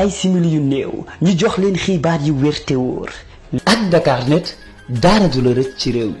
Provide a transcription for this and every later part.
ay simili yu néew ñu jox leen xibaar yu wér te wóor. ak Dakarnet daara du la rëcc ci réew mi.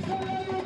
Thank you.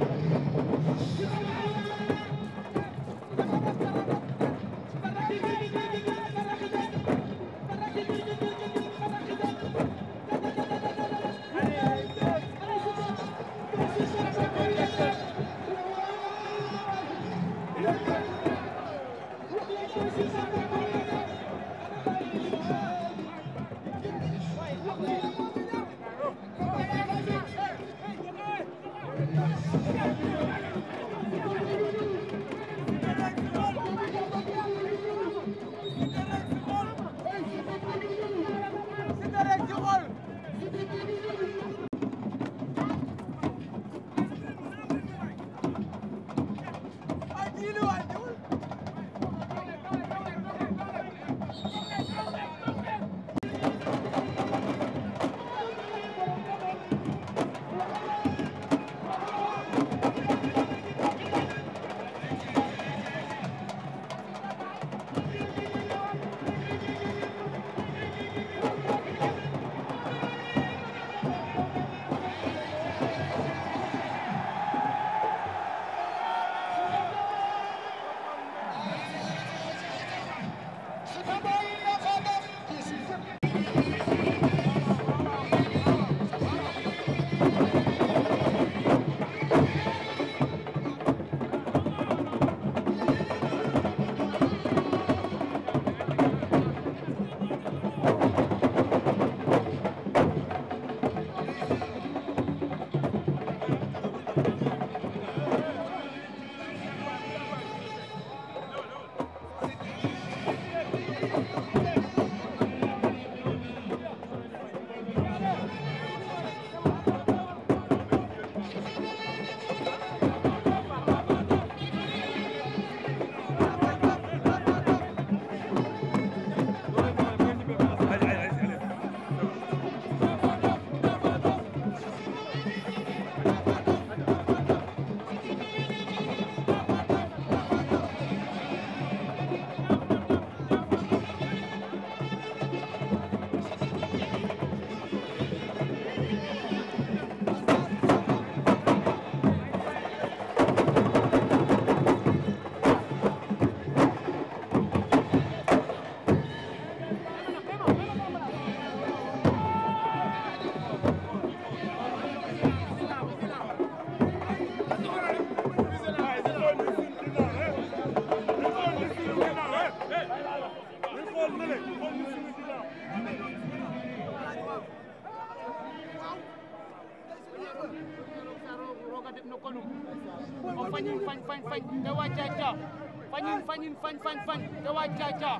fañin fañ fañ fañ te waa Caacaa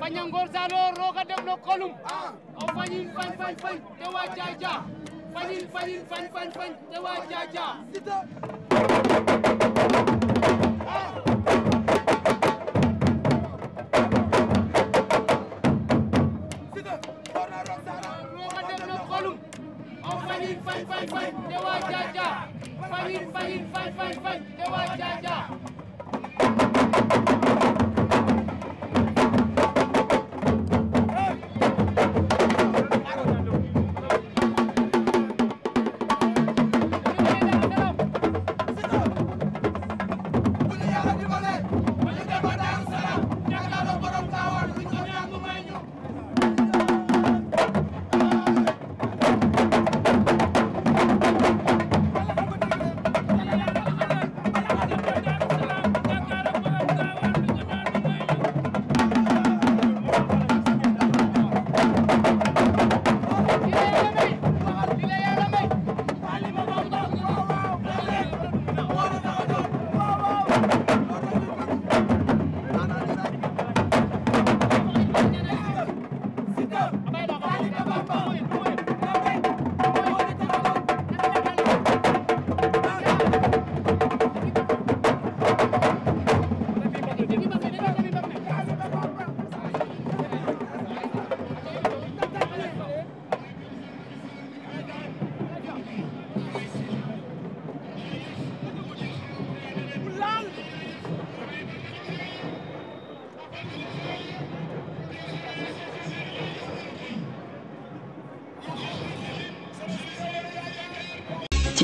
faña ngoor saaloo rooga dem no kolum o fañin fañ fañ te waa Caacaa fañ fañ te waa Caacaa Fahim, Fahim, fight, fight, fight, Ewa Jaja.